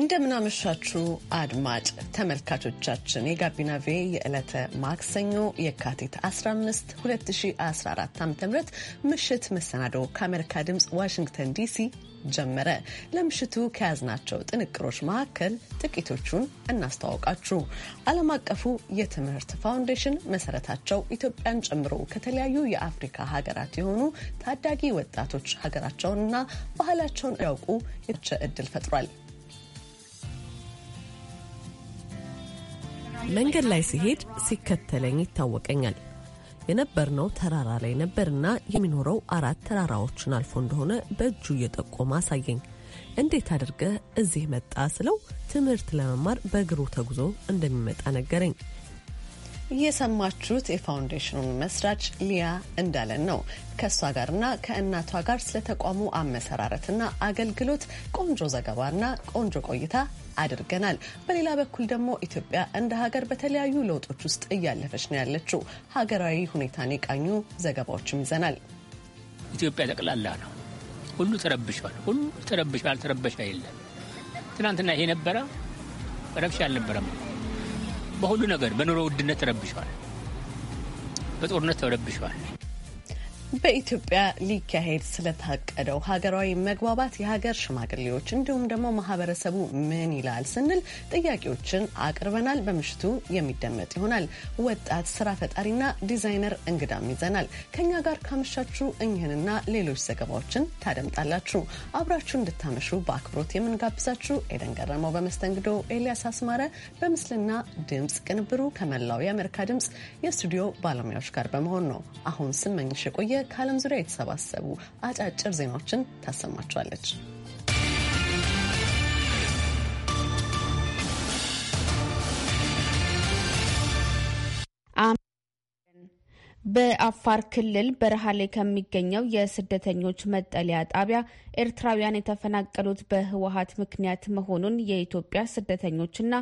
እንደምናመሻችሁ አድማጭ ተመልካቾቻችን የጋቢና ቬ የዕለተ ማክሰኞ የካቲት 15 2014 ዓ ም ምሽት መሰናዶ ከአሜሪካ ድምፅ ዋሽንግተን ዲሲ ጀመረ። ለምሽቱ ከያዝናቸው ጥንቅሮች መካከል ጥቂቶቹን እናስተዋውቃችሁ። ዓለም አቀፉ የትምህርት ፋውንዴሽን መሰረታቸው ኢትዮጵያን ጨምሮ ከተለያዩ የአፍሪካ ሀገራት የሆኑ ታዳጊ ወጣቶች ሀገራቸውንና ባህላቸውን ያውቁ የተቸ እድል ፈጥሯል። መንገድ ላይ ሲሄድ ሲከተለኝ ይታወቀኛል። የነበርነው ተራራ ላይ ነበርና የሚኖረው አራት ተራራዎችን አልፎ እንደሆነ በእጁ እየጠቆመ አሳየኝ። እንዴት አድርገህ እዚህ መጣ ስለው ትምህርት ለመማር በእግሩ ተጉዞ እንደሚመጣ ነገረኝ። የሰማችሁት የፋውንዴሽኑን መስራች ሊያ እንዳለን ነው። ከእሷ ጋርና ከእናቷ ጋር ስለ ተቋሙ አመሰራረትና አገልግሎት ቆንጆ ዘገባና ቆንጆ ቆይታ አድርገናል። በሌላ በኩል ደግሞ ኢትዮጵያ እንደ ሀገር በተለያዩ ለውጦች ውስጥ እያለፈች ነው ያለችው። ሀገራዊ ሁኔታን የቃኙ ዘገባዎችም ይዘናል። ኢትዮጵያ ጠቅላላ ነው። ሁሉ ተረብሿል። ሁሉ ተረብሿል። ተረበሻ የለም። ትናንትና ይሄ ነበረ፣ ረብሻ አልነበረም። በሁሉ ነገር በኑሮ ውድነት ተረብሸዋል፣ በጦርነት ተረብሸዋል። በኢትዮጵያ ሊካሄድ ስለታቀደው ሀገራዊ መግባባት የሀገር ሽማግሌዎች እንዲሁም ደግሞ ማህበረሰቡ ምን ይላል ስንል ጥያቄዎችን አቅርበናል። በምሽቱ የሚደመጥ ይሆናል። ወጣት ስራ ፈጣሪና ዲዛይነር እንግዳም ይዘናል። ከእኛ ጋር ካመሻችሁ እኚህንና ሌሎች ዘገባዎችን ታደምጣላችሁ። አብራችሁ እንድታመሹ በአክብሮት የምንጋብዛችሁ ኤደን ገረመው በመስተንግዶ፣ ኤልያስ አስማረ በምስልና ድምፅ ቅንብሩ ከመላው የአሜሪካ ድምፅ የስቱዲዮ ባለሙያዎች ጋር በመሆን ነው። አሁን ስመኝሽ የቆየ ከዓለም ዙሪያ የተሰባሰቡ አጫጭር ዜናዎችን ታሰማችኋለች። በአፋር ክልል በረሃሌ ከሚገኘው የስደተኞች መጠለያ ጣቢያ ኤርትራውያን የተፈናቀሉት በህወሀት ምክንያት መሆኑን የኢትዮጵያ ስደተኞችና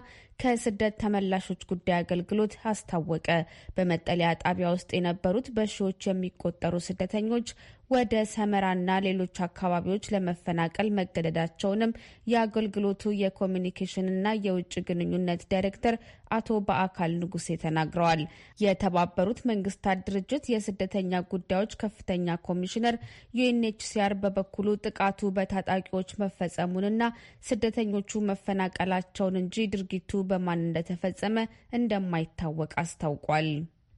ከስደት ተመላሾች ጉዳይ አገልግሎት አስታወቀ። በመጠለያ ጣቢያ ውስጥ የነበሩት በሺዎች የሚቆጠሩ ስደተኞች ወደ ሰመራና ሌሎች አካባቢዎች ለመፈናቀል መገደዳቸውንም የአገልግሎቱ የኮሚኒኬሽንና የውጭ ግንኙነት ዳይሬክተር አቶ በአካል ንጉሴ ተናግረዋል። የተባበሩት መንግስታት ድርጅት የስደተኛ ጉዳዮች ከፍተኛ ኮሚሽነር ዩኤንኤችሲአር በበኩሉ ጥቃቱ በታጣቂዎች መፈጸሙንና ስደተኞቹ መፈናቀላቸውን እንጂ ድርጊቱ በማን እንደተፈጸመ እንደማይታወቅ አስታውቋል።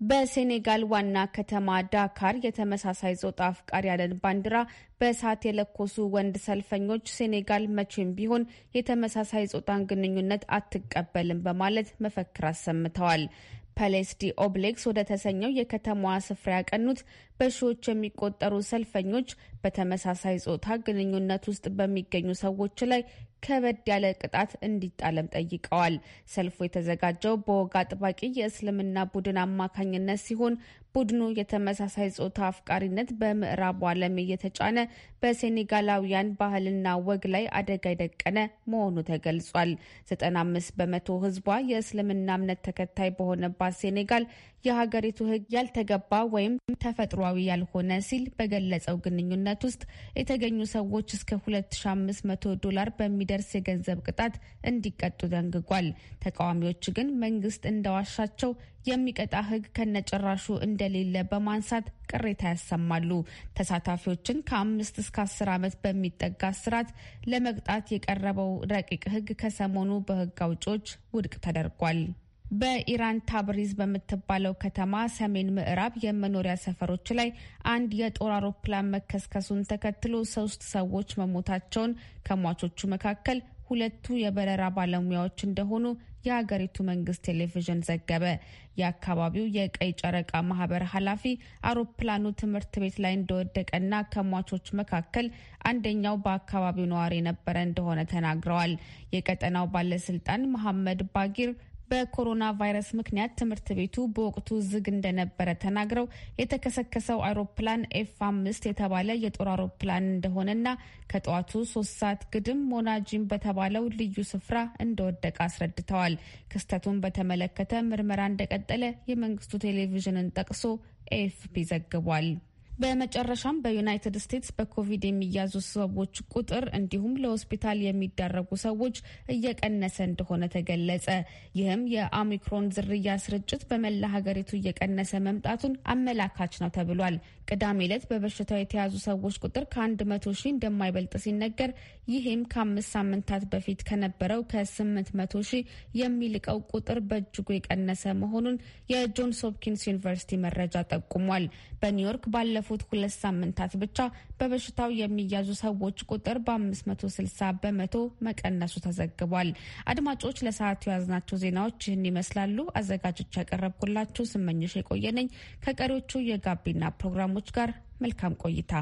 በሴኔጋል ዋና ከተማ ዳካር የተመሳሳይ ጾታ አፍቃሪ ያለን ባንዲራ በእሳት የለኮሱ ወንድ ሰልፈኞች ሴኔጋል መቼም ቢሆን የተመሳሳይ ጾታን ግንኙነት አትቀበልም በማለት መፈክር አሰምተዋል። ፐሌስዲ ኦብሌክስ ወደ ተሰኘው የከተማዋ ስፍራ ያቀኑት በሺዎች የሚቆጠሩ ሰልፈኞች በተመሳሳይ ጾታ ግንኙነት ውስጥ በሚገኙ ሰዎች ላይ ከበድ ያለ ቅጣት እንዲጣለም ጠይቀዋል። ሰልፉ የተዘጋጀው በወግ አጥባቂ የእስልምና ቡድን አማካኝነት ሲሆን ቡድኑ የተመሳሳይ ጾታ አፍቃሪነት በምዕራቡ ዓለም እየተጫነ በሴኔጋላውያን ባህልና ወግ ላይ አደጋ የደቀነ መሆኑ ተገልጿል። 95 በመቶ ሕዝቧ የእስልምና እምነት ተከታይ በሆነባት ሴኔጋል የሀገሪቱ ሕግ ያልተገባ ወይም ተፈጥሯዊ ያልሆነ ሲል በገለጸው ግንኙነት ውስጥ የተገኙ ሰዎች እስከ 2500 ዶላር በሚደርስ የገንዘብ ቅጣት እንዲቀጡ ደንግጓል። ተቃዋሚዎች ግን መንግስት እንደዋሻቸው የሚቀጣ ህግ ከነጭራሹ እንደሌለ በማንሳት ቅሬታ ያሰማሉ። ተሳታፊዎችን ከአምስት እስከ አስር ዓመት በሚጠጋ እስራት ለመቅጣት የቀረበው ረቂቅ ህግ ከሰሞኑ በህግ አውጪዎች ውድቅ ተደርጓል። በኢራን ታብሪዝ በምትባለው ከተማ ሰሜን ምዕራብ የመኖሪያ ሰፈሮች ላይ አንድ የጦር አውሮፕላን መከስከሱን ተከትሎ ሶስት ሰዎች መሞታቸውን ከሟቾቹ መካከል ሁለቱ የበረራ ባለሙያዎች እንደሆኑ የሀገሪቱ መንግስት ቴሌቪዥን ዘገበ። የአካባቢው የቀይ ጨረቃ ማህበር ኃላፊ አውሮፕላኑ ትምህርት ቤት ላይ እንደወደቀና ከሟቾች መካከል አንደኛው በአካባቢው ነዋሪ የነበረ እንደሆነ ተናግረዋል። የቀጠናው ባለስልጣን መሐመድ ባጊር በኮሮና ቫይረስ ምክንያት ትምህርት ቤቱ በወቅቱ ዝግ እንደነበረ ተናግረው የተከሰከሰው አውሮፕላን ኤፍ አምስት የተባለ የጦር አውሮፕላን እንደሆነና ከጠዋቱ ሶስት ሰዓት ግድም ሞናጂም በተባለው ልዩ ስፍራ እንደወደቀ አስረድተዋል። ክስተቱን በተመለከተ ምርመራ እንደቀጠለ የመንግስቱ ቴሌቪዥንን ጠቅሶ ኤፍፒ ዘግቧል። በመጨረሻም በዩናይትድ ስቴትስ በኮቪድ የሚያዙ ሰዎች ቁጥር እንዲሁም ለሆስፒታል የሚዳረጉ ሰዎች እየቀነሰ እንደሆነ ተገለጸ። ይህም የኦሚክሮን ዝርያ ስርጭት በመላ ሀገሪቱ እየቀነሰ መምጣቱን አመላካች ነው ተብሏል። ቅዳሜ ዕለት በበሽታው የተያዙ ሰዎች ቁጥር ከአንድ መቶ ሺህ እንደማይበልጥ ሲነገር ይህም ከአምስት ሳምንታት በፊት ከነበረው ከስምንት መቶ ሺህ የሚልቀው ቁጥር በእጅጉ የቀነሰ መሆኑን የጆንስ ሆፕኪንስ ዩኒቨርሲቲ መረጃ ጠቁሟል። በኒውዮርክ ባለፉት ሁለት ሳምንታት ብቻ በበሽታው የሚያዙ ሰዎች ቁጥር በ560 በመቶ መቀነሱ ተዘግቧል። አድማጮች ለሰዓቱ የያዝናቸው ዜናዎች ይህን ይመስላሉ። አዘጋጆች ያቀረብኩላችሁ ስመኞሽ የቆየነኝ ከቀሪዎቹ የጋቢና ፕሮግራሙ ፕሮግራሞች ጋር መልካም ቆይታ።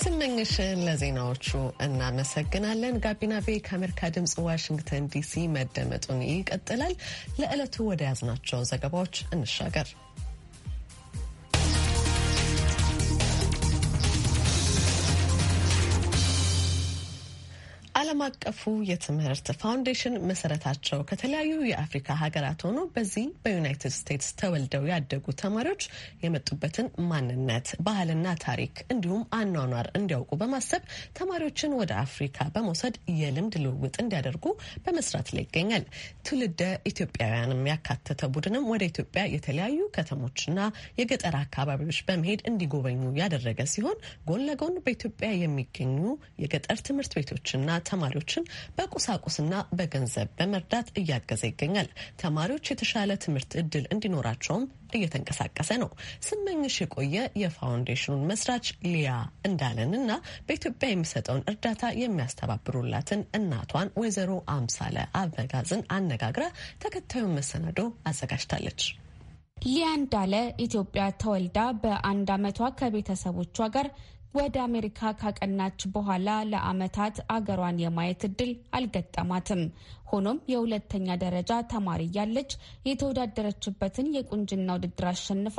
ስመኝሽን ለዜናዎቹ እናመሰግናለን። ጋቢና ቤ ከአሜሪካ ድምፅ ዋሽንግተን ዲሲ መደመጡን ይቀጥላል። ለዕለቱ ወደ ያዝናቸው ዘገባዎች እንሻገር። ዓለም አቀፉ የትምህርት ፋውንዴሽን መሰረታቸው ከተለያዩ የአፍሪካ ሀገራት ሆኖ በዚህ በዩናይትድ ስቴትስ ተወልደው ያደጉ ተማሪዎች የመጡበትን ማንነት፣ ባህልና ታሪክ እንዲሁም አኗኗር እንዲያውቁ በማሰብ ተማሪዎችን ወደ አፍሪካ በመውሰድ የልምድ ልውውጥ እንዲያደርጉ በመስራት ላይ ይገኛል። ትውልደ ኢትዮጵያውያንም ያካተተ ቡድንም ወደ ኢትዮጵያ የተለያዩ ከተሞችና የገጠር አካባቢዎች በመሄድ እንዲጎበኙ ያደረገ ሲሆን ጎን ለጎን በኢትዮጵያ የሚገኙ የገጠር ትምህርት ቤቶችና ተማሪዎችን በቁሳቁስና በገንዘብ በመርዳት እያገዘ ይገኛል። ተማሪዎች የተሻለ ትምህርት እድል እንዲኖራቸውም እየተንቀሳቀሰ ነው። ስመኝሽ የቆየ የፋውንዴሽኑን መስራች ሊያ እንዳለን እና በኢትዮጵያ የሚሰጠውን እርዳታ የሚያስተባብሩላትን እናቷን ወይዘሮ አምሳለ አበጋዝን አነጋግራ ተከታዩን መሰናዶ አዘጋጅታለች። ሊያ እንዳለ ኢትዮጵያ ተወልዳ በአንድ ዓመቷ ከቤተሰቦቿ ጋር ወደ አሜሪካ ካቀናች በኋላ ለአመታት አገሯን የማየት እድል አልገጠማትም። ሆኖም የሁለተኛ ደረጃ ተማሪ እያለች የተወዳደረችበትን የቁንጅና ውድድር አሸንፋ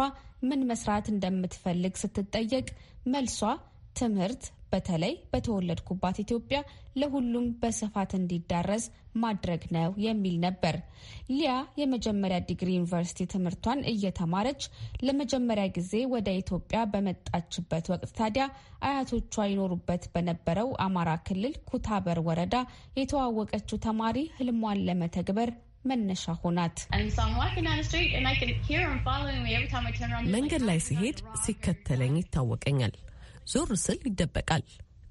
ምን መስራት እንደምትፈልግ ስትጠየቅ መልሷ ትምህርት በተለይ በተወለድኩባት ኢትዮጵያ ለሁሉም በስፋት እንዲዳረስ ማድረግ ነው የሚል ነበር። ሊያ የመጀመሪያ ዲግሪ ዩኒቨርሲቲ ትምህርቷን እየተማረች ለመጀመሪያ ጊዜ ወደ ኢትዮጵያ በመጣችበት ወቅት ታዲያ አያቶቿ ይኖሩበት በነበረው አማራ ክልል ኩታበር ወረዳ የተዋወቀችው ተማሪ ህልሟን ለመተግበር መነሻ ሆናት። መንገድ ላይ ሲሄድ ሲከተለኝ ይታወቀኛል። ዞር ስል ይደበቃል።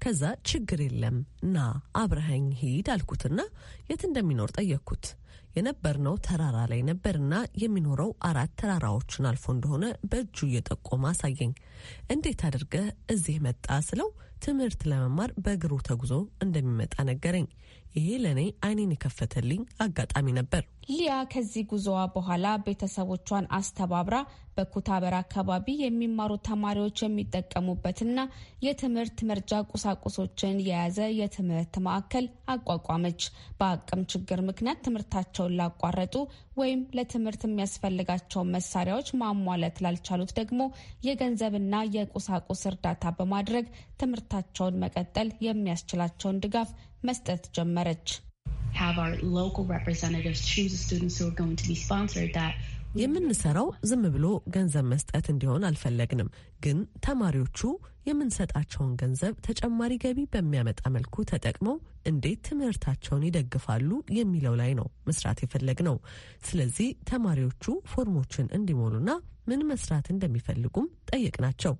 ከዛ ችግር የለም ና አብረኸኝ ሂድ አልኩትና የት እንደሚኖር ጠየቅኩት። የነበርነው ተራራ ላይ ነበርና የሚኖረው አራት ተራራዎችን አልፎ እንደሆነ በእጁ እየጠቆመ አሳየኝ። እንዴት አድርገህ እዚህ መጣ ስለው ትምህርት ለመማር በእግሩ ተጉዞ እንደሚመጣ ነገረኝ። ይሄ ለእኔ አይኔን የከፈተልኝ አጋጣሚ ነበር። ሊያ ከዚህ ጉዞዋ በኋላ ቤተሰቦቿን አስተባብራ በኩታበር አካባቢ የሚማሩ ተማሪዎች የሚጠቀሙበትና የትምህርት መርጃ ቁሳቁሶችን የያዘ የትምህርት ማዕከል አቋቋመች። በአቅም ችግር ምክንያት ትምህርታቸውን ላቋረጡ ወይም ለትምህርት የሚያስፈልጋቸውን መሳሪያዎች ማሟላት ላልቻሉት ደግሞ የገንዘብና የቁሳቁስ እርዳታ በማድረግ ትምህርታቸውን መቀጠል የሚያስችላቸውን ድጋፍ መስጠት ጀመረች። የምንሰራው ዝም ብሎ ገንዘብ መስጠት እንዲሆን አልፈለግንም፣ ግን ተማሪዎቹ የምንሰጣቸውን ገንዘብ ተጨማሪ ገቢ በሚያመጣ መልኩ ተጠቅመው እንዴት ትምህርታቸውን ይደግፋሉ የሚለው ላይ ነው መስራት የፈለግ ነው። ስለዚህ ተማሪዎቹ ፎርሞችን እንዲሞሉና ምን መስራት እንደሚፈልጉም ጠየቅናቸው።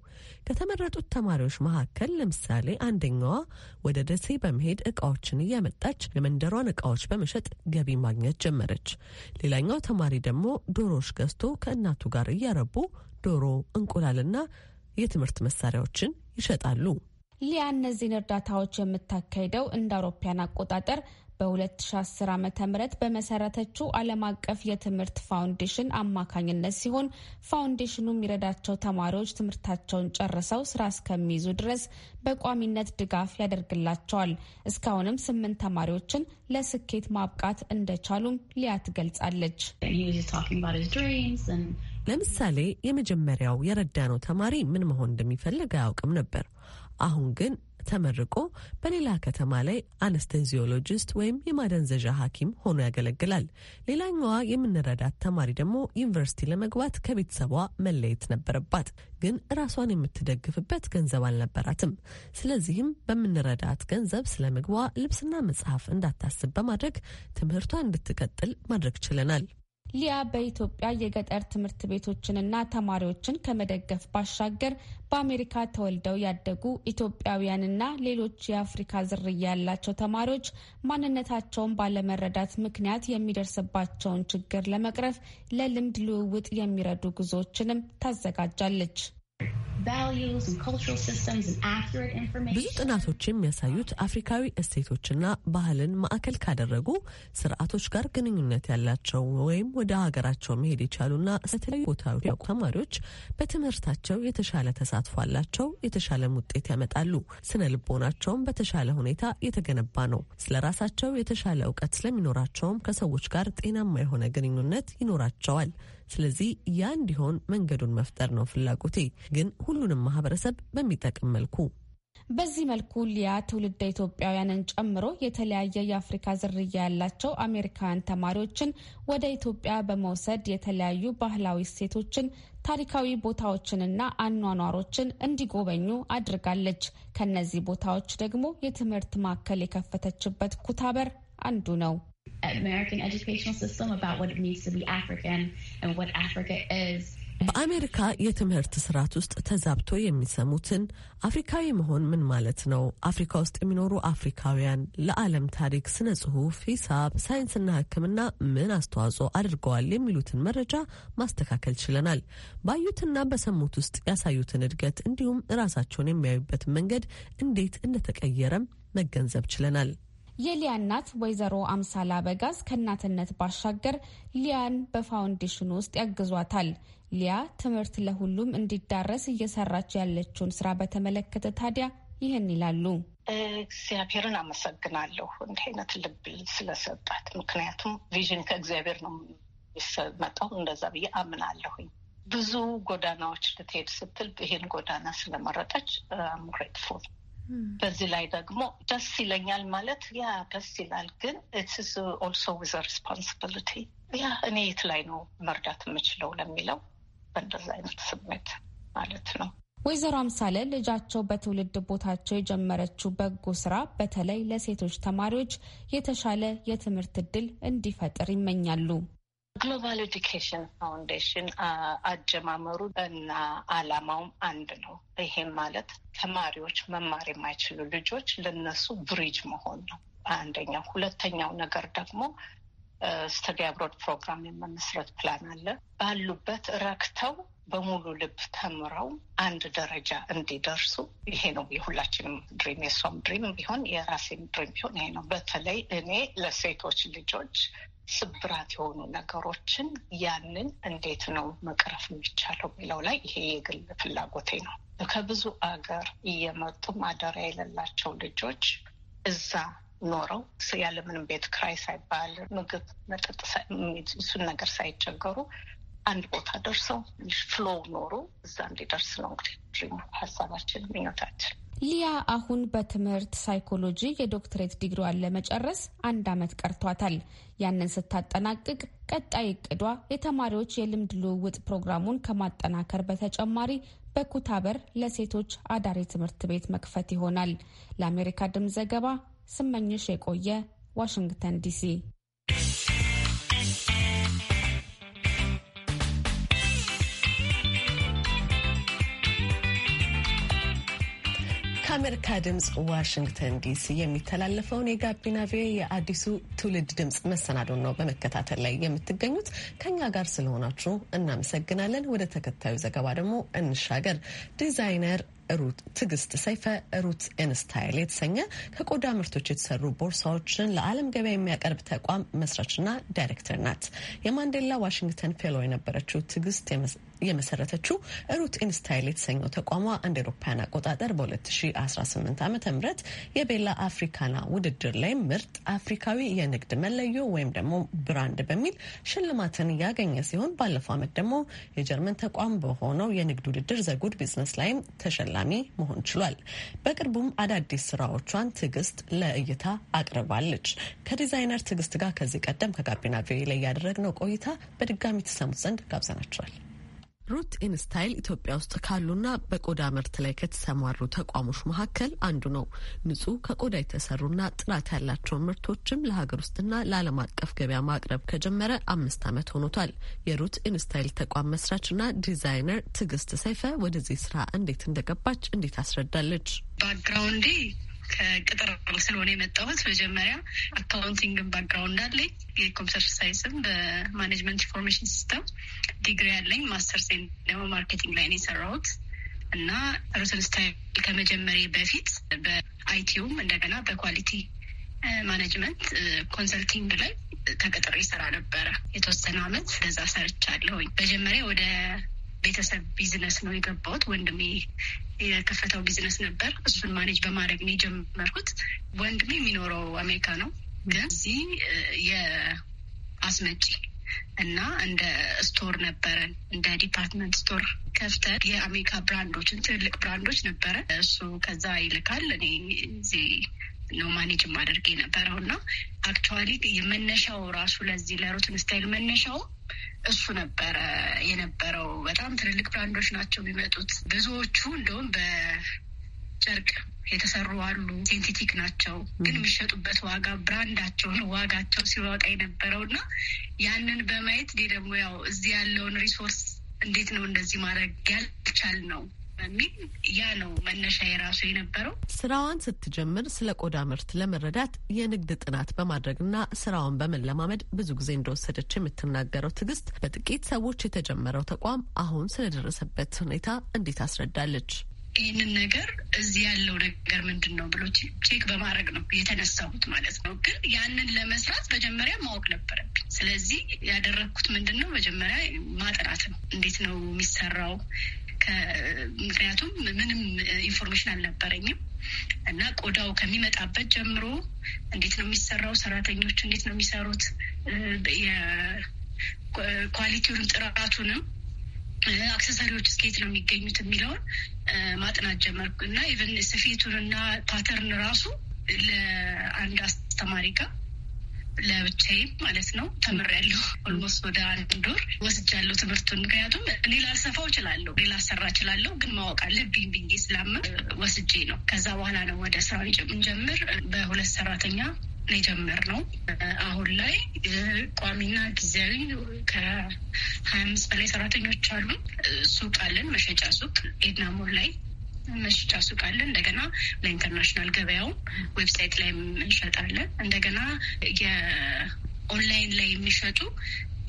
ከተመረጡት ተማሪዎች መካከል ለምሳሌ አንደኛዋ ወደ ደሴ በመሄድ እቃዎችን እያመጣች የመንደሯን እቃዎች በመሸጥ ገቢ ማግኘት ጀመረች። ሌላኛው ተማሪ ደግሞ ዶሮዎች ገዝቶ ከእናቱ ጋር እያረቡ ዶሮ፣ እንቁላልና የትምህርት መሳሪያዎችን ይሸጣሉ። ሊያ እነዚህን እርዳታዎች የምታካሂደው እንደ አውሮፓያን አቆጣጠር በ2010 ዓ ም በመሰረተችው ዓለም አቀፍ የትምህርት ፋውንዴሽን አማካኝነት ሲሆን ፋውንዴሽኑ የሚረዳቸው ተማሪዎች ትምህርታቸውን ጨርሰው ስራ እስከሚይዙ ድረስ በቋሚነት ድጋፍ ያደርግላቸዋል። እስካሁንም ስምንት ተማሪዎችን ለስኬት ማብቃት እንደቻሉም ሊያ ትገልጻለች። ለምሳሌ የመጀመሪያው የረዳነው ተማሪ ምን መሆን እንደሚፈልግ አያውቅም ነበር። አሁን ግን ተመርቆ በሌላ ከተማ ላይ አነስተንዚዮሎጂስት ወይም የማደንዘዣ ሐኪም ሆኖ ያገለግላል። ሌላኛዋ የምንረዳት ተማሪ ደግሞ ዩኒቨርሲቲ ለመግባት ከቤተሰቧ መለየት ነበረባት፣ ግን ራሷን የምትደግፍበት ገንዘብ አልነበራትም። ስለዚህም በምንረዳት ገንዘብ ስለ ምግቧ፣ ልብስና መጽሐፍ እንዳታስብ በማድረግ ትምህርቷ እንድትቀጥል ማድረግ ችለናል። ሊያ በኢትዮጵያ የገጠር ትምህርት ቤቶችንና ተማሪዎችን ከመደገፍ ባሻገር በአሜሪካ ተወልደው ያደጉ ኢትዮጵያውያንና ሌሎች የአፍሪካ ዝርያ ያላቸው ተማሪዎች ማንነታቸውን ባለመረዳት ምክንያት የሚደርስባቸውን ችግር ለመቅረፍ ለልምድ ልውውጥ የሚረዱ ጉዞዎችንም ታዘጋጃለች። ብዙ ጥናቶች የሚያሳዩት አፍሪካዊ እሴቶችና ባህልን ማዕከል ካደረጉ ስርዓቶች ጋር ግንኙነት ያላቸው ወይም ወደ ሀገራቸው መሄድ የቻሉና ስለተለያዩ ቦታዎች ያውቁ ተማሪዎች በትምህርታቸው የተሻለ ተሳትፎ አላቸው፣ የተሻለም ውጤት ያመጣሉ። ስነ ልቦናቸውም በተሻለ ሁኔታ የተገነባ ነው። ስለ ራሳቸው የተሻለ እውቀት ስለሚኖራቸውም ከሰዎች ጋር ጤናማ የሆነ ግንኙነት ይኖራቸዋል። ስለዚህ ያ እንዲሆን መንገዱን መፍጠር ነው ፍላጎቴ፣ ግን ሁሉንም ማህበረሰብ በሚጠቅም መልኩ በዚህ መልኩ ሊያ ትውልደ ኢትዮጵያውያንን ጨምሮ የተለያየ የአፍሪካ ዝርያ ያላቸው አሜሪካውያን ተማሪዎችን ወደ ኢትዮጵያ በመውሰድ የተለያዩ ባህላዊ እሴቶችን፣ ታሪካዊ ቦታዎችንና አኗኗሮችን እንዲጎበኙ አድርጋለች። ከነዚህ ቦታዎች ደግሞ የትምህርት ማዕከል የከፈተችበት ኩታበር አንዱ ነው። በአሜሪካ የትምህርት ስርዓት ውስጥ ተዛብቶ የሚሰሙትን አፍሪካዊ መሆን ምን ማለት ነው? አፍሪካ ውስጥ የሚኖሩ አፍሪካውያን ለዓለም ታሪክ፣ ስነ ጽሁፍ፣ ሂሳብ፣ ሳይንስና ሕክምና ምን አስተዋጽኦ አድርገዋል የሚሉትን መረጃ ማስተካከል ችለናል። ባዩትና በሰሙት ውስጥ ያሳዩትን እድገት እንዲሁም ራሳቸውን የሚያዩበት መንገድ እንዴት እንደተቀየረም መገንዘብ ችለናል። የሊያ እናት ወይዘሮ አምሳላ በጋዝ ከእናትነት ባሻገር ሊያን በፋውንዴሽኑ ውስጥ ያግዟታል። ሊያ ትምህርት ለሁሉም እንዲዳረስ እየሰራች ያለችውን ስራ በተመለከተ ታዲያ ይህን ይላሉ። እግዚአብሔርን አመሰግናለሁ እንዲህ አይነት ልብ ስለሰጣት። ምክንያቱም ቪዥን ከእግዚአብሔር ነው የሚመጣው፣ እንደዛ ብዬ አምናለሁኝ። ብዙ ጎዳናዎች ልትሄድ ስትል ይህን ጎዳና ስለመረጠች አም ግሬትፉል በዚህ ላይ ደግሞ ደስ ይለኛል ማለት ያ ደስ ይላል፣ ግን ኢትስ ኦልሶ ዊዝ ሪስፖንሲቢሊቲ ያ እኔ የት ላይ ነው መርዳት የምችለው ለሚለው በእንደዛ አይነት ስሜት ማለት ነው። ወይዘሮ አምሳለ ልጃቸው በትውልድ ቦታቸው የጀመረችው በጎ ስራ በተለይ ለሴቶች ተማሪዎች የተሻለ የትምህርት እድል እንዲፈጥር ይመኛሉ። ግሎባል ኤዱኬሽን ፋውንዴሽን አጀማመሩ እና አላማውም አንድ ነው። ይሄም ማለት ተማሪዎች መማር የማይችሉ ልጆች ለነሱ ብሪጅ መሆን ነው አንደኛው። ሁለተኛው ነገር ደግሞ ስተዲ አብሮድ ፕሮግራም የመመስረት ፕላን አለ። ባሉበት ረክተው በሙሉ ልብ ተምረው አንድ ደረጃ እንዲደርሱ ይሄ ነው የሁላችንም ድሪም። የሷም ድሪም ቢሆን የራሴም ድሪም ቢሆን ይሄ ነው። በተለይ እኔ ለሴቶች ልጆች ስብራት የሆኑ ነገሮችን ያንን እንዴት ነው መቅረፍ የሚቻለው የሚለው ላይ ይሄ የግል ፍላጎቴ ነው። ከብዙ አገር እየመጡ ማደሪያ የሌላቸው ልጆች እዛ ኖረው ያለምንም ቤት ክራይ ሳይባል ምግብ፣ መጠጥ እሱን ነገር ሳይቸገሩ አንድ ቦታ ደርሰው ፍሎው ኖሩ እዛ እንዲደርስ ነው እንግዲህ ሀሳባችን ምኞታችን። ሊያ አሁን በትምህርት ሳይኮሎጂ የዶክትሬት ዲግሪዋን ለመጨረስ አንድ ዓመት ቀርቷታል። ያንን ስታጠናቅቅ ቀጣይ እቅዷ የተማሪዎች የልምድ ልውውጥ ፕሮግራሙን ከማጠናከር በተጨማሪ በኩታበር ለሴቶች አዳሪ ትምህርት ቤት መክፈት ይሆናል። ለአሜሪካ ድምፅ ዘገባ ስመኝሽ የቆየ ዋሽንግተን ዲሲ። ከአሜሪካ ድምፅ ዋሽንግተን ዲሲ የሚተላለፈውን የጋቢና ቪ የአዲሱ ትውልድ ድምፅ መሰናዶን ነው በመከታተል ላይ የምትገኙት። ከኛ ጋር ስለሆናችሁ እናመሰግናለን። ወደ ተከታዩ ዘገባ ደግሞ እንሻገር። ዲዛይነር ትግስት ሰይፈ ሩት ኤንስታይል የተሰኘ ከቆዳ ምርቶች የተሰሩ ቦርሳዎችን ለዓለም ገበያ የሚያቀርብ ተቋም መስራችና ዳይሬክተር ናት። የማንዴላ ዋሽንግተን ፌሎ የነበረችው ትግስት የመሰረተችው ሩት ኢንስታይል የተሰኘው ተቋሟ እንደ ኤሮፓያን አቆጣጠር በ2018 ዓ ም የቤላ አፍሪካና ውድድር ላይ ምርጥ አፍሪካዊ የንግድ መለዮ ወይም ደግሞ ብራንድ በሚል ሽልማትን ያገኘ ሲሆን ባለፈው ዓመት ደግሞ የጀርመን ተቋም በሆነው የንግድ ውድድር ዘጉድ ቢዝነስ ላይም ተሸላሚ ተሸላሚ መሆን ችሏል። በቅርቡም አዳዲስ ስራዎቿን ትዕግስት ለእይታ አቅርባለች። ከዲዛይነር ትዕግስት ጋር ከዚህ ቀደም ከጋቢና ቪኦኤ ላይ ያደረግነው ቆይታ በድጋሚ ተሰሙት ዘንድ ጋብዘናቸዋል። ሩት ኢንስታይል ኢትዮጵያ ውስጥ ካሉና በቆዳ ምርት ላይ ከተሰማሩ ተቋሞች መካከል አንዱ ነው። ንጹህ ከቆዳ የተሰሩና ጥራት ያላቸውን ምርቶችም ለሀገር ውስጥና ለዓለም አቀፍ ገበያ ማቅረብ ከጀመረ አምስት ዓመት ሆኖታል። የሩት ኢንስታይል ተቋም መስራችና ዲዛይነር ትዕግስት ሰይፈ ወደዚህ ስራ እንዴት እንደገባች እንዴት አስረዳለች። ባክግራውንዴ ከቅጥር ስለሆነ የመጣሁት መጀመሪያ አካውንቲንግን ባግራውንድ አለኝ። የኮምፒተር ሳይንስም በማኔጅመንት ኢንፎርሜሽን ሲስተም ዲግሪ ያለኝ፣ ማስተርስ ደግሞ ማርኬቲንግ ላይ ነው የሰራሁት እና ሩስን ስታይል ከመጀመሪ በፊት በአይቲውም እንደገና በኳሊቲ ማኔጅመንት ኮንሰልቲንግ ላይ ተቀጥሬ ይሰራ ነበረ የተወሰነ አመት። ከዛ ሰርቻለሁኝ። መጀመሪያ ወደ ቤተሰብ ቢዝነስ ነው የገባሁት። ወንድሜ የከፈተው ቢዝነስ ነበር። እሱን ማኔጅ በማድረግ ነው የጀመርኩት። ወንድሜ የሚኖረው አሜሪካ ነው፣ ግን እዚህ የአስመጪ እና እንደ ስቶር ነበረን እንደ ዲፓርትመንት ስቶር ከፍተን የአሜሪካ ብራንዶችን ትልቅ ብራንዶች ነበረ። እሱ ከዛ ይልካል፣ እኔ እዚህ ነው ማኔጅ ማደርግ የነበረው እና አክቹዋሊ የመነሻው ራሱ ለዚህ ለሩትን ስታይል መነሻው እሱ ነበረ የነበረው። በጣም ትልልቅ ብራንዶች ናቸው የሚመጡት። ብዙዎቹ እንደውም በጨርቅ የተሰሩ አሉ፣ ሴንቲቲክ ናቸው። ግን የሚሸጡበት ዋጋ ብራንዳቸውን ዋጋቸው ሲዋቃ የነበረው እና ያንን በማየት እኔ ደግሞ ያው እዚህ ያለውን ሪሶርስ እንዴት ነው እንደዚህ ማድረግ ያልቻል ነው በሚል ያ ነው መነሻ የራሱ የነበረው። ስራዋን ስትጀምር ስለ ቆዳ ምርት ለመረዳት የንግድ ጥናት በማድረግና ስራዋን በመለማመድ ብዙ ጊዜ እንደወሰደች የምትናገረው ትዕግስት በጥቂት ሰዎች የተጀመረው ተቋም አሁን ስለደረሰበት ሁኔታ እንዴት አስረዳለች። ይህንን ነገር እዚህ ያለው ነገር ምንድን ነው ብሎ ቼክ በማድረግ ነው የተነሳሁት ማለት ነው። ግን ያንን ለመስራት መጀመሪያ ማወቅ ነበረብኝ። ስለዚህ ያደረግኩት ምንድን ነው መጀመሪያ ማጥናት ነው። እንዴት ነው የሚሰራው ምክንያቱም ምንም ኢንፎርሜሽን አልነበረኝም እና ቆዳው ከሚመጣበት ጀምሮ እንዴት ነው የሚሰራው፣ ሰራተኞቹ እንዴት ነው የሚሰሩት፣ ኳሊቲውን ጥራቱንም አክሰሰሪዎች እስከየት ነው የሚገኙት የሚለውን ማጥናት ጀመርኩ እና ኢቨን ስፌቱን እና ፓተርን ራሱ ለአንድ አስተማሪ ጋር ለብቻዬም ማለት ነው ተምሬያለሁ። ኦልሞስት ወደ አንድ ወር ወስጃለሁ ትምህርቱን። ምክንያቱም እኔ ላልሰፋው እችላለሁ፣ እኔ ላሰራ እችላለሁ፣ ግን ማወቅ አለብኝ ብዬ ስላመን ወስጄ ነው። ከዛ በኋላ ነው ወደ ስራ እንጀምር በሁለት ሰራተኛ ነው። አሁን ላይ ቋሚና ጊዜያዊ ከሀያ አምስት በላይ ሰራተኞች አሉ። ሱቅ አለን፣ መሸጫ ሱቅ ኤድናሞል ላይ መሸጫ ሱቅ አለ። እንደገና ለኢንተርናሽናል ገበያውም ዌብሳይት ላይ እንሸጣለን። እንደገና የኦንላይን ላይ የሚሸጡ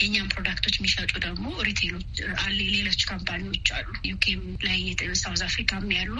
የእኛም ፕሮዳክቶች የሚሸጡ ደግሞ ሪቴሎች ሌሎች ካምፓኒዎች አሉ። ዩኬም ላይ ሳውዝ አፍሪካም ያሉ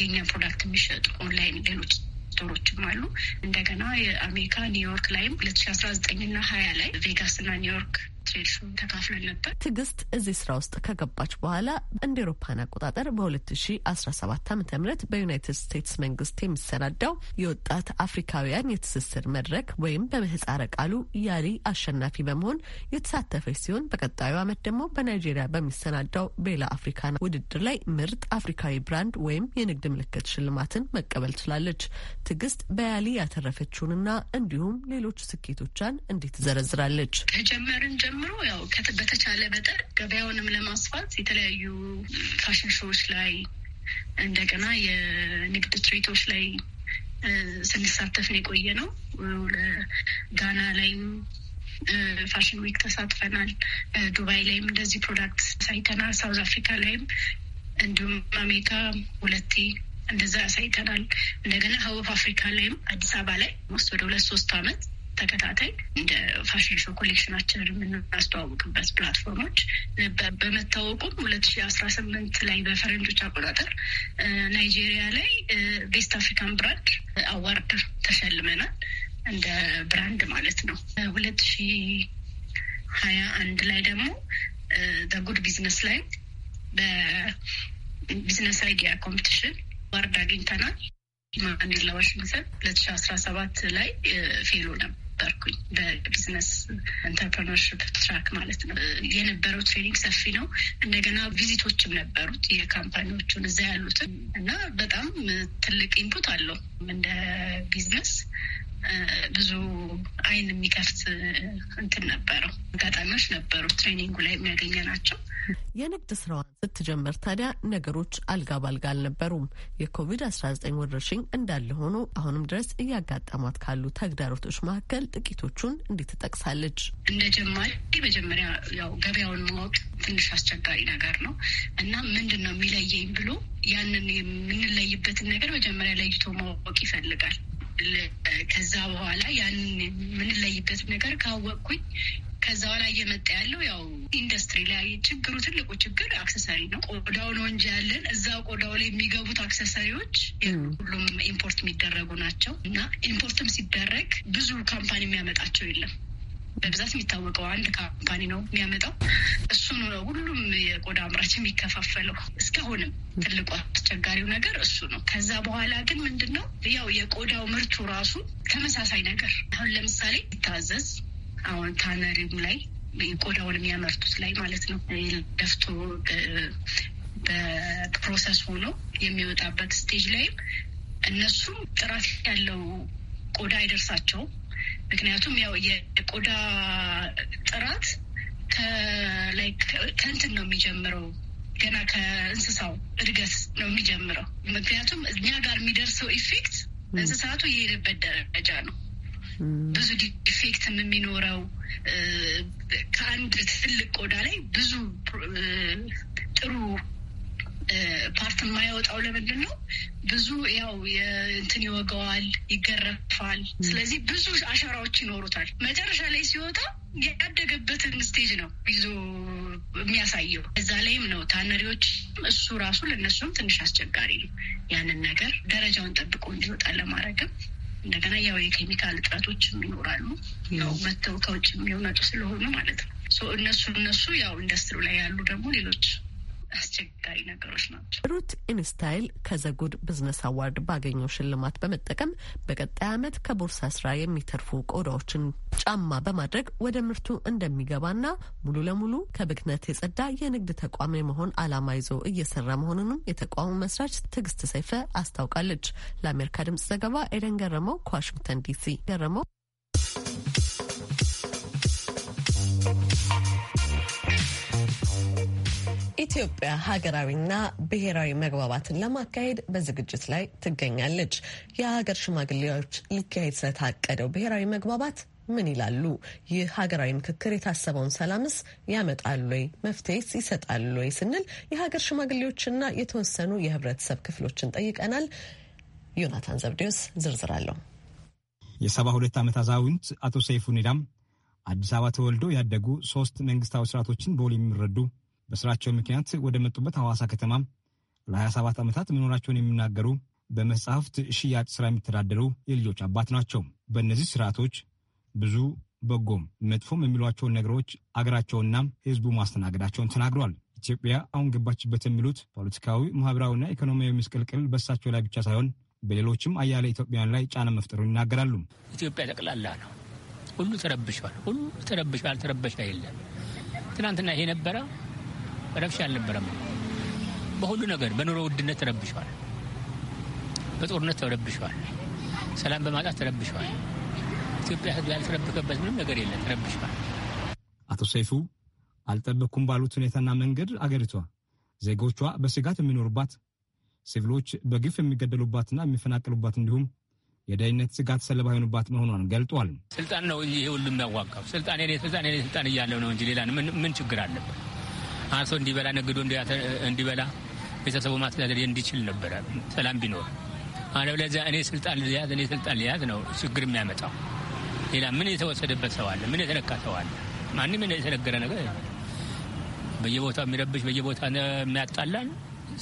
የእኛም ፕሮዳክት የሚሸጡ ኦንላይን ሌሎች ስቶሮችም አሉ። እንደገና የአሜሪካ ኒውዮርክ ላይም ሁለት ሺ አስራ ዘጠኝ ሀያ ላይ ቬጋስ እና ኒውዮርክ ስትሬሱን ተካፍለን ነበር። ትዕግስት እዚህ ስራ ውስጥ ከገባች በኋላ እንደ ኤሮፓን አቆጣጠር በ2017 ዓ ም በዩናይትድ ስቴትስ መንግስት የሚሰናዳው የወጣት አፍሪካውያን የትስስር መድረክ ወይም በምህፃረ ቃሉ ያሊ አሸናፊ በመሆን የተሳተፈች ሲሆን በቀጣዩ ዓመት ደግሞ በናይጄሪያ በሚሰናዳው ቤላ አፍሪካና ውድድር ላይ ምርጥ አፍሪካዊ ብራንድ ወይም የንግድ ምልክት ሽልማትን መቀበል ችላለች። ትዕግስት በያሊ ያተረፈችውንና እንዲሁም ሌሎች ስኬቶቿን እንዴት ዘረዝራለች? ከጀመርን ጀምሮ ጀምሮ ያው በተቻለ መጠን ገበያውንም ለማስፋት የተለያዩ ፋሽን ሾዎች ላይ እንደገና የንግድ ትርኢቶች ላይ ስንሳተፍ ነው የቆየ ነው። ጋና ላይም ፋሽን ዊክ ተሳትፈናል። ዱባይ ላይም እንደዚህ ፕሮዳክት ሳይተናል። ሳውዝ አፍሪካ ላይም እንዲሁም አሜሪካ ሁለቴ እንደዛ ያሳይተናል። እንደገና ሀውፍ አፍሪካ ላይም አዲስ አበባ ላይ ወስድ ወደ ሁለት ሶስት አመት ተከታታይ እንደ ፋሽን ሾው ኮሌክሽናችንን የምናስተዋውቅበት ፕላትፎርሞች በመታወቁም ሁለት ሺ አስራ ስምንት ላይ በፈረንጆች አቆጣጠር ናይጄሪያ ላይ ቤስት አፍሪካን ብራንድ አዋርድ ተሸልመናል። እንደ ብራንድ ማለት ነው። ሁለት ሺ ሀያ አንድ ላይ ደግሞ በጉድ ቢዝነስ ላይ በቢዝነስ አይዲያ ኮምፒቲሽን ዋርድ አግኝተናል። ማንዴላ ዋሽንግተን ሁለት ሺ አስራ ሰባት ላይ ፌሎ ነበር። ነበርኩኝ በቢዝነስ ኢንተርፕርነርሽፕ ትራክ ማለት ነው። የነበረው ትሬኒንግ ሰፊ ነው። እንደገና ቪዚቶችም ነበሩት የካምፓኒዎቹን እዛ ያሉትን እና በጣም ትልቅ ኢንፑት አለው እንደ ቢዝነስ ብዙ አይን የሚከፍት እንትን ነበረው አጋጣሚዎች ነበሩ ትሬኒንጉ ላይ የሚያገኘ ናቸው። የንግድ ስራዋን ስትጀምር ታዲያ ነገሮች አልጋ ባልጋ አልነበሩም። የኮቪድ-19 ወረርሽኝ እንዳለ ሆኖ አሁንም ድረስ እያጋጠሟት ካሉ ተግዳሮቶች መካከል ጥቂቶቹን እንዲህ ትጠቅሳለች። እንደ ጀማሪ መጀመሪያ ያው ገበያውን ማወቅ ትንሽ አስቸጋሪ ነገር ነው እና ምንድን ነው የሚለየኝ ብሎ ያንን የምንለይበትን ነገር መጀመሪያ ለይቶ ማወቅ ይፈልጋል። ከዛ በኋላ ያንን የምንለይበት ነገር ካወቅኩኝ ከዛ በኋላ እየመጣ ያለው ያው ኢንዱስትሪ ላይ ችግሩ ትልቁ ችግር አክሰሰሪ ነው። ቆዳው ነው እንጂ ያለን እዛ ቆዳው ላይ የሚገቡት አክሰሰሪዎች ሁሉም ኢምፖርት የሚደረጉ ናቸው እና ኢምፖርትም ሲደረግ ብዙ ካምፓኒ የሚያመጣቸው የለም። በብዛት የሚታወቀው አንድ ካምፓኒ ነው የሚያመጣው። እሱ ነው ሁሉም የቆዳ አምራች የሚከፋፈለው። እስካሁንም ትልቁ አስቸጋሪው ነገር እሱ ነው። ከዛ በኋላ ግን ምንድን ነው ያው የቆዳው ምርቱ ራሱ ተመሳሳይ ነገር አሁን ለምሳሌ ይታዘዝ አሁን ታነሪም ላይ ቆዳውን የሚያመርቱት ላይ ማለት ነው ደፍቶ በፕሮሰስ ሆኖ የሚወጣበት ስቴጅ ላይም እነሱም ጥራት ያለው ቆዳ አይደርሳቸውም። ምክንያቱም ያው የቆዳ ጥራት ከእንትን ነው የሚጀምረው ገና ከእንስሳው እድገት ነው የሚጀምረው። ምክንያቱም እኛ ጋር የሚደርሰው ኢፌክት እንስሳቱ የሄደበት ደረጃ ነው። ብዙ ኢፌክትም የሚኖረው ከአንድ ትልቅ ቆዳ ላይ ብዙ ጥሩ ፓርት የማይወጣው ለምንድን ነው? ብዙ ያው እንትን ይወገዋል፣ ይገረፋል። ስለዚህ ብዙ አሻራዎች ይኖሩታል። መጨረሻ ላይ ሲወጣ ያደገበትን ስቴጅ ነው ይዞ የሚያሳየው። እዛ ላይም ነው ታነሪዎች እሱ ራሱ ለእነሱም ትንሽ አስቸጋሪ ነው። ያንን ነገር ደረጃውን ጠብቆ እንዲወጣ ለማድረግም እንደገና ያው የኬሚካል እጥረቶችም ይኖራሉ። ያው መተው ከውጭ የሚመጡ ስለሆኑ ማለት ነው እነሱ እነሱ ያው ኢንዱስትሪው ላይ ያሉ ደግሞ ሌሎች አስቸጋሪ ነገሮች ናቸው። ሩት ኢንስታይል ከዘጉድ ቢዝነስ አዋርድ ባገኘው ሽልማት በመጠቀም በቀጣይ ዓመት ከቦርሳ ስራ የሚተርፉ ቆዳዎችን ጫማ በማድረግ ወደ ምርቱ እንደሚገባና ሙሉ ለሙሉ ከብክነት የጸዳ የንግድ ተቋም የመሆን ዓላማ ይዞ እየሰራ መሆኑንም የተቋሙ መስራች ትዕግስት ሰይፈ አስታውቃለች። ለአሜሪካ ድምጽ ዘገባ ኤደን ገረመው ከዋሽንግተን ዲሲ ገረመው ኢትዮጵያ ሀገራዊና ብሔራዊ መግባባትን ለማካሄድ በዝግጅት ላይ ትገኛለች። የሀገር ሽማግሌዎች ሊካሄድ ስለታቀደው ብሔራዊ መግባባት ምን ይላሉ? ይህ ሀገራዊ ምክክር የታሰበውን ሰላምስ ያመጣሉ ወይ? መፍትሄስ ይሰጣሉ ወይ ስንል የሀገር ሽማግሌዎችና የተወሰኑ የህብረተሰብ ክፍሎችን ጠይቀናል። ዮናታን ዘብዴዎስ ዝርዝር አለው። የሰባ ሁለት ዓመት አዛውንት አቶ ሰይፉ ኒዳም አዲስ አበባ ተወልዶ ያደጉ ሶስት መንግስታዊ ስርዓቶችን በውል የሚረዱ በስራቸው ምክንያት ወደ መጡበት ሐዋሳ ከተማ ለ27 ዓመታት መኖራቸውን የሚናገሩ በመጽሐፍት ሽያጭ ስራ የሚተዳደሩ የልጆች አባት ናቸው። በእነዚህ ስርዓቶች ብዙ በጎም መጥፎም የሚሏቸውን ነገሮች አገራቸውና ህዝቡ ማስተናገዳቸውን ተናግሯል። ኢትዮጵያ አሁን ገባችበት የሚሉት ፖለቲካዊ፣ ማህበራዊና ኢኮኖሚያዊ ምስቅልቅል በሳቸው ላይ ብቻ ሳይሆን በሌሎችም አያሌ ኢትዮጵያውያን ላይ ጫና መፍጠሩን ይናገራሉ። ኢትዮጵያ ጠቅላላ ነው። ሁሉ ተረብሿል። ሁሉ ተረብሿል። ተረበሻ የለም። ትናንትና ይሄ ነበረ ረብሻ አልነበረም። በሁሉ ነገር በኑሮ ውድነት ተረብሸዋል፣ በጦርነት ተረብሸዋል፣ ሰላም በማጣት ተረብሸዋል። ኢትዮጵያ ሕዝብ ያልተረብከበት ምንም ነገር የለም፣ ተረብሸዋል። አቶ ሰይፉ አልጠበኩም ባሉት ሁኔታና መንገድ አገሪቷ ዜጎቿ በስጋት የሚኖሩባት ሲቪሎች በግፍ የሚገደሉባትና የሚፈናቀሉባት እንዲሁም የደህንነት ስጋት ሰለባ የሆኑባት መሆኗን ገልጧል። ስልጣን ነው ይህ ሁሉ የሚያዋጋው ስልጣን ስልጣን ስልጣን እያለው ነው እንጂ ሌላ ምን ችግር አለበት? አርሶ እንዲበላ ነግዶ እንዲበላ ቤተሰቡ ማስተዳደር እንዲችል ነበረ ሰላም ቢኖር። አለበለዚያ እኔ ስልጣን ልያዝ እኔ ስልጣን ልያዝ ነው ችግር የሚያመጣው። ሌላ ምን የተወሰደበት ሰው አለ? ምን የተነካ ሰው አለ? ማንም የተነገረ ነገር በየቦታው የሚረብሽ በየቦታ የሚያጣላን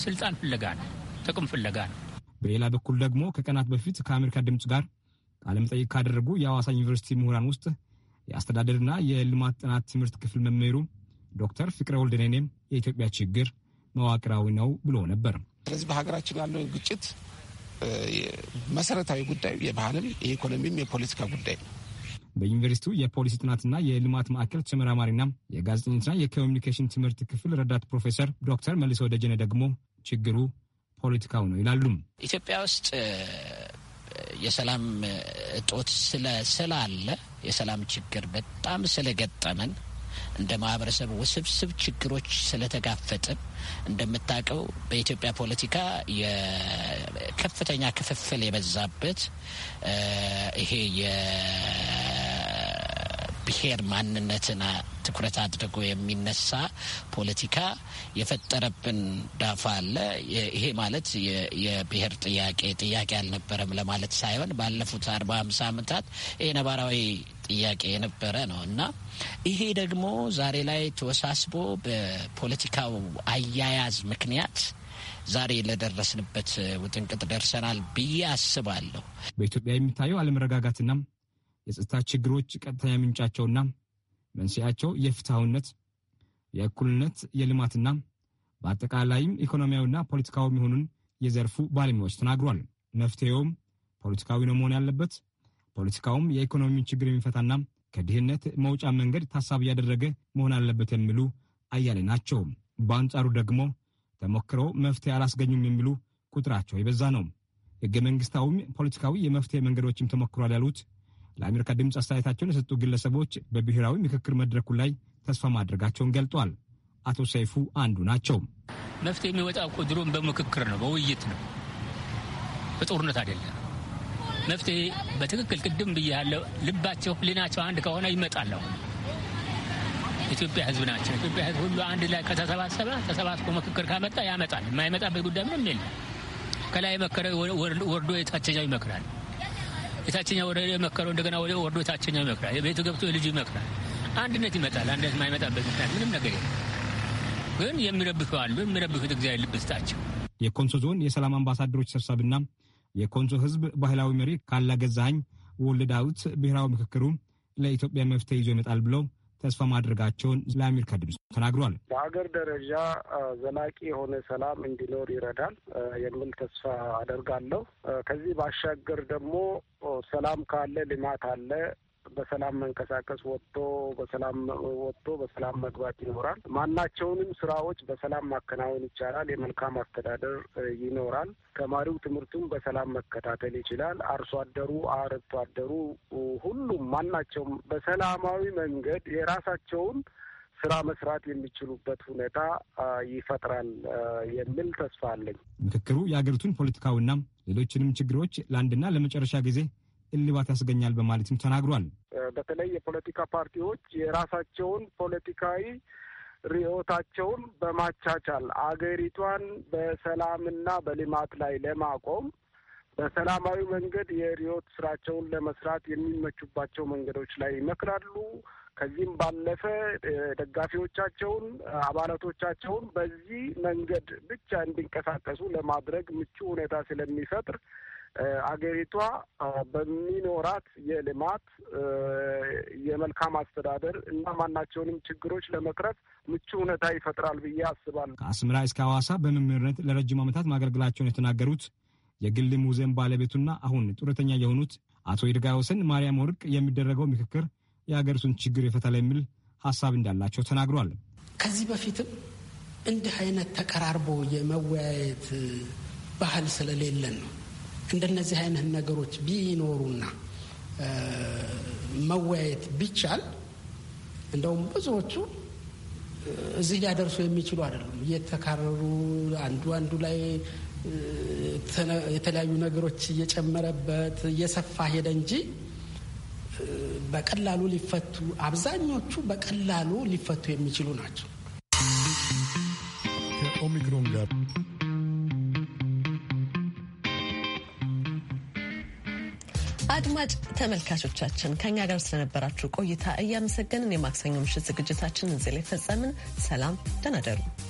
ስልጣን ፍለጋ ነው፣ ጥቅም ፍለጋ ነው። በሌላ በኩል ደግሞ ከቀናት በፊት ከአሜሪካ ድምፅ ጋር ቃለመጠይቅ ካደረጉ የአዋሳ ዩኒቨርሲቲ ምሁራን ውስጥ የአስተዳደርና የልማት ጥናት ትምህርት ክፍል መምህሩ ዶክተር ፍቅረ ወልደኔኔም የኢትዮጵያ ችግር መዋቅራዊ ነው ብሎ ነበር። ስለዚህ በሀገራችን ያለው ግጭት መሰረታዊ ጉዳይ የባህልም፣ የኢኮኖሚም የፖለቲካ ጉዳይ ነው። በዩኒቨርሲቲው የፖሊሲ ጥናትና የልማት ማዕከል ተመራማሪና የጋዜጠኞችና የኮሚኒኬሽን ትምህርት ክፍል ረዳት ፕሮፌሰር ዶክተር መልሶ ደጀነ ደግሞ ችግሩ ፖለቲካው ነው ይላሉ። ኢትዮጵያ ውስጥ የሰላም እጦት ስለ ስላለ የሰላም ችግር በጣም ስለገጠመን እንደ ማህበረሰብ ውስብስብ ችግሮች ስለተጋፈጥን እንደምታውቀው በኢትዮጵያ ፖለቲካ የከፍተኛ ክፍፍል የበዛበት ይሄ ብሔር ማንነትን ትኩረት አድርጎ የሚነሳ ፖለቲካ የፈጠረብን ዳፋ አለ። ይሄ ማለት የብሔር ጥያቄ ጥያቄ አልነበረም ለማለት ሳይሆን ባለፉት አርባ ሃምሳ ዓመታት ይሄ ነባራዊ ጥያቄ የነበረ ነው እና ይሄ ደግሞ ዛሬ ላይ ተወሳስቦ በፖለቲካው አያያዝ ምክንያት ዛሬ ለደረስንበት ውጥንቅጥ ደርሰናል ብዬ አስባለሁ። በኢትዮጵያ የሚታየው አለመረጋጋትና የጸጥታ ችግሮች ቀጥተኛ ምንጫቸውና መንስኤያቸው የፍትሐውነት፣ የእኩልነት፣ የልማትና በአጠቃላይም ኢኮኖሚያዊና ፖለቲካዊ መሆኑን የዘርፉ ባለሙያዎች ተናግሯል። መፍትሄውም ፖለቲካዊ ነው መሆን ያለበት፣ ፖለቲካውም የኢኮኖሚውን ችግር የሚፈታና ከድህነት መውጫ መንገድ ታሳቢ ያደረገ መሆን አለበት የሚሉ አያሌ ናቸው። በአንጻሩ ደግሞ ተሞክረው መፍትሄ አላስገኙም የሚሉ ቁጥራቸው የበዛ ነው። ህገ መንግስታዊም ፖለቲካዊ የመፍትሄ መንገዶችም ተሞክሯል ያሉት ለአሜሪካ ድምፅ አስተያየታቸውን የሰጡ ግለሰቦች በብሔራዊ ምክክር መድረኩ ላይ ተስፋ ማድረጋቸውን ገልጧል። አቶ ሰይፉ አንዱ ናቸው። መፍትሄ የሚወጣ እኮ ድሮም በምክክር ነው፣ በውይይት ነው፣ በጦርነት አይደለም። መፍትሄ በትክክል ቅድም ብያለው ልባቸው ሊናቸው አንድ ከሆነ ይመጣለሁ። ኢትዮጵያ ህዝብ ናቸው። ኢትዮጵያ ህዝብ ሁሉ አንድ ላይ ከተሰባሰበ ተሰባስቦ ምክክር ካመጣ ያመጣል። የማይመጣበት ጉዳይ ምንም የለም። ከላይ የመከረ ወርዶ የታችኛው ይመክራል። የታችኛው ወደ የመከረው እንደገና ወደ ወርዶ የታችኛው ይመክራል። የቤቱ ገብቶ የልጁ ይመክራል። አንድነት ይመጣል። አንድነት የማይመጣበት ምክንያት ምንም ነገር የለም። ግን የሚረብሹ የሚረብሹት እግዚአብሔር ልብ የኮንሶ ዞን የሰላም አምባሳደሮች ሰብሳቢና የኮንሶ ህዝብ ባህላዊ መሪ ካላገዛኸኝ ዳዊት ብሔራዊ ምክክሩ ለኢትዮጵያ መፍትሄ ይዞ ይመጣል ብለው ተስፋ ማድረጋቸውን ለአሜሪካ ድምፅ ተናግሯል። በሀገር ደረጃ ዘላቂ የሆነ ሰላም እንዲኖር ይረዳል የሚል ተስፋ አደርጋለሁ። ከዚህ ባሻገር ደግሞ ሰላም ካለ ልማት አለ፣ በሰላም መንቀሳቀስ ወጥቶ በሰላም ወጥቶ በሰላም መግባት ይኖራል። ማናቸውንም ስራዎች በሰላም ማከናወን ይቻላል። የመልካም አስተዳደር ይኖራል። ተማሪው ትምህርቱን በሰላም መከታተል ይችላል። አርሶ አደሩ፣ አርብቶ አደሩ፣ ሁሉም ማናቸውም በሰላማዊ መንገድ የራሳቸውን ስራ መስራት የሚችሉበት ሁኔታ ይፈጥራል የሚል ተስፋ አለኝ። ምክክሩ የአገሪቱን ፖለቲካዊና ሌሎችንም ችግሮች ለአንድና ለመጨረሻ ጊዜ እልባት ያስገኛል በማለትም ተናግሯል። በተለይ የፖለቲካ ፓርቲዎች የራሳቸውን ፖለቲካዊ ርዕዮታቸውን በማቻቻል አገሪቷን በሰላምና በልማት ላይ ለማቆም በሰላማዊ መንገድ የርዕዮት ስራቸውን ለመስራት የሚመቹባቸው መንገዶች ላይ ይመክራሉ። ከዚህም ባለፈ ደጋፊዎቻቸውን፣ አባላቶቻቸውን በዚህ መንገድ ብቻ እንዲንቀሳቀሱ ለማድረግ ምቹ ሁኔታ ስለሚፈጥር አገሪቷ በሚኖራት የልማት የመልካም አስተዳደር እና ማናቸውንም ችግሮች ለመቅረፍ ምቹ ሁኔታ ይፈጥራል ብዬ አስባለሁ። ከአስመራ እስከ ሐዋሳ በመምህርነት ለረጅም ዓመታት ማገልገላቸውን የተናገሩት የግል ሙዚየም ባለቤቱና አሁን ጡረተኛ የሆኑት አቶ ይድጋ ወሰን ማርያም ወርቅ የሚደረገው ምክክር የሀገሪቱን ችግር ይፈታል የሚል ሀሳብ እንዳላቸው ተናግሯል። ከዚህ በፊትም እንዲህ አይነት ተቀራርቦ የመወያየት ባህል ስለሌለን ነው እንደነዚህ አይነት ነገሮች ቢኖሩና መወያየት ቢቻል እንደውም ብዙዎቹ እዚህ ሊያደርሱ የሚችሉ አይደሉም። እየተካረሩ አንዱ አንዱ ላይ የተለያዩ ነገሮች እየጨመረበት እየሰፋ ሄደ እንጂ በቀላሉ ሊፈቱ አብዛኞቹ በቀላሉ ሊፈቱ የሚችሉ ናቸው። ከኦሚክሮን ጋር አድማጭ ተመልካቾቻችን ከኛ ጋር ስለነበራችሁ ቆይታ እያመሰገንን የማክሰኞ ምሽት ዝግጅታችን እዚህ ላይ ፈጸምን። ሰላም ደናደሩ